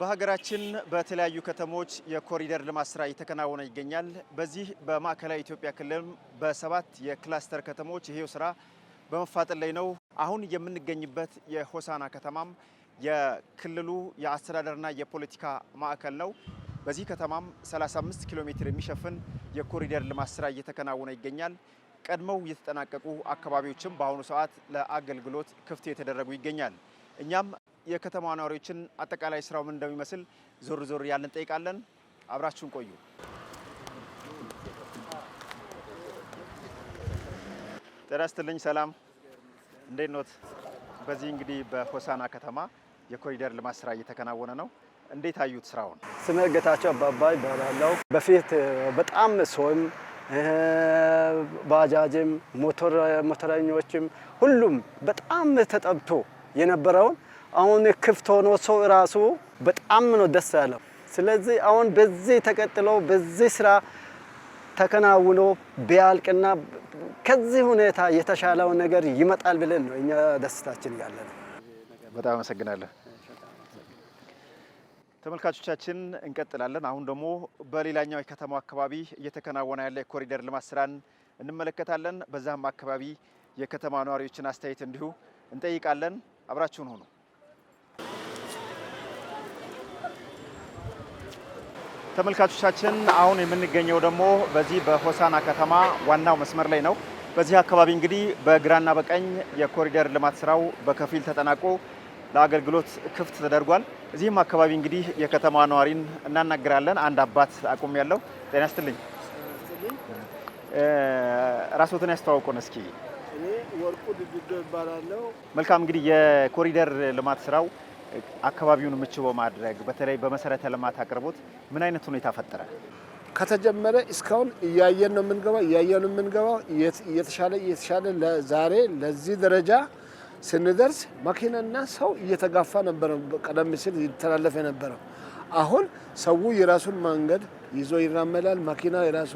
በሀገራችን በተለያዩ ከተሞች የኮሪደር ልማት ስራ እየተከናወነ ይገኛል። በዚህ በማዕከላዊ ኢትዮጵያ ክልል በሰባት የክላስተር ከተሞች ይሄው ስራ በመፋጠን ላይ ነው። አሁን የምንገኝበት የሆሳና ከተማም የክልሉ የአስተዳደርና የፖለቲካ ማዕከል ነው። በዚህ ከተማም 35 ኪሎ ሜትር የሚሸፍን የኮሪደር ልማት ስራ እየተከናወነ ይገኛል። ቀድመው የተጠናቀቁ አካባቢዎችም በአሁኑ ሰዓት ለአገልግሎት ክፍት የተደረጉ ይገኛል። እኛም የከተማዋ ነዋሪዎችን አጠቃላይ ስራው ምን እንደሚመስል ዞር ዞር እያልን እንጠይቃለን። አብራችሁን ቆዩ። ጤና ይስጥልኝ። ሰላም፣ እንዴት ኖት? በዚህ እንግዲህ በሆሳና ከተማ የኮሪደር ልማት ስራ እየተከናወነ ነው። እንዴት አዩት ስራውን? ስሜ ጌታቸው አባባ ይባላለው። በፊት በጣም ሰውም ባጃጅም ሞተረኞችም ሁሉም በጣም ተጠብቶ የነበረውን አሁን ክፍት ሆኖ ሰው ራሱ በጣም ነው ደስ ያለው። ስለዚህ አሁን በዚህ ተቀጥሎ በዚህ ስራ ተከናውኖ ቢያልቅና ከዚህ ሁኔታ የተሻለው ነገር ይመጣል ብለን ነው እኛ ደስታችን ያለ ነው። በጣም አመሰግናለሁ። ተመልካቾቻችን እንቀጥላለን። አሁን ደግሞ በሌላኛው የከተማው አካባቢ እየተከናወነ ያለ የኮሪደር ልማት ስራን እንመለከታለን። በዛም አካባቢ የከተማ ነዋሪዎችን አስተያየት እንዲሁ እንጠይቃለን። አብራችሁን ሁኑ። ተመልካቾቻችን አሁን የምንገኘው ደግሞ በዚህ በሆሳና ከተማ ዋናው መስመር ላይ ነው። በዚህ አካባቢ እንግዲህ በግራና በቀኝ የኮሪደር ልማት ስራው በከፊል ተጠናቆ ለአገልግሎት ክፍት ተደርጓል። እዚህም አካባቢ እንግዲህ የከተማ ነዋሪን እናናግራለን። አንድ አባት አቁም ያለው ጤና ይስጥልኝ፣ ራስዎትን ያስተዋውቁን እስኪ። እኔ ወርቁ ድግዶ ይባላለሁ። መልካም እንግዲህ የኮሪደር ልማት ስራው አካባቢውን ምቹ በማድረግ በተለይ በመሰረተ ልማት አቅርቦት ምን አይነት ሁኔታ ፈጠረ? ከተጀመረ እስካሁን እያየን ነው የምንገባው እያየን ነው የምንገባው እየተሻለ እየተሻለ ለዛሬ ለዚህ ደረጃ ስንደርስ መኪናና ሰው እየተጋፋ ነበረ። ቀደም ሲል ይተላለፍ የነበረው አሁን ሰው የራሱን መንገድ ይዞ ይራመዳል። መኪና የራሱ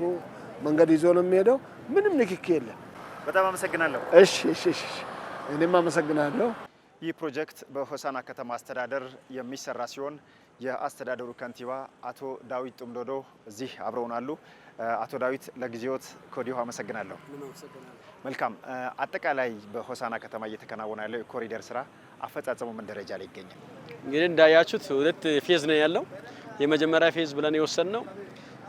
መንገድ ይዞ ነው የሚሄደው። ምንም ንክክ የለም። በጣም አመሰግናለሁ። እሺ እሺ እሺ። እኔም አመሰግናለሁ። ይህ ፕሮጀክት በሆሳና ከተማ አስተዳደር የሚሰራ ሲሆን የአስተዳደሩ ከንቲባ አቶ ዳዊት ጡምዶዶ እዚህ አሉ። አቶ ዳዊት ለጊዜዎት ከወዲሁ አመሰግናለሁ። መልካም። አጠቃላይ በሆሳና ከተማ እየተከናወነ ያለው የኮሪደር ስራ አፈጻጸሙ ምን ደረጃ ላይ ይገኛል? እንግዲህ እንዳያችሁት ሁለት ፌዝ ነው ያለው። የመጀመሪያ ፌዝ ብለን የወሰን ነው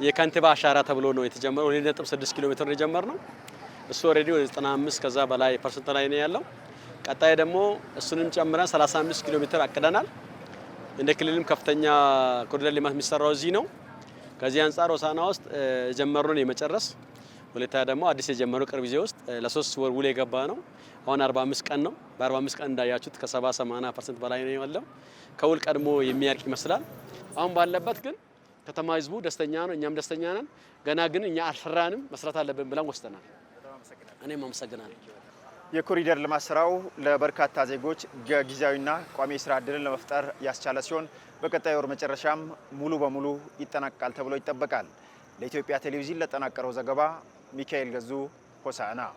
የከንቲባ አሻራ ተብሎ ነው የተጀመረው። 2.6 ኪሎ ሜትር ነው የጀመር ነው እሱ ኦልሬዲ ወደ 95 ከዛ በላይ ፐርሰንት ላይ ነው ያለው ቀጣይ ደግሞ እሱንም ጨምረን 35 ኪሎ ሜትር አቅደናል። እንደ ክልልም ከፍተኛ ኮሪደር ልማት የሚሰራው እዚህ ነው። ከዚህ አንጻር ሆሳና ውስጥ የጀመሩን የመጨረስ ሁለታ ደግሞ አዲስ የጀመሩ ቅርብ ጊዜ ውስጥ ለሶስት ወር ውል የገባ ነው። አሁን 45 ቀን ነው። በ45 ቀን እንዳያችሁት ከ70 80 ፐርሰንት በላይ ነው ያለው። ከውል ቀድሞ የሚያርቅ ይመስላል። አሁን ባለበት ግን ከተማ ህዝቡ ደስተኛ ነው፣ እኛም ደስተኛ ነን። ገና ግን እኛ አልሰራንም፣ መስራት አለብን ብለን ወስደናል። እኔም አመሰግናለሁ። የኮሪደር ልማት ስራው ለበርካታ ዜጎች ጊዜያዊና ቋሚ የስራ እድልን ለመፍጠር ያስቻለ ሲሆን በቀጣይ ወር መጨረሻም ሙሉ በሙሉ ይጠናቀቃል ተብሎ ይጠበቃል። ለኢትዮጵያ ቴሌቪዥን ለጠናቀረው ዘገባ ሚካኤል ገዙ ሆሳዕና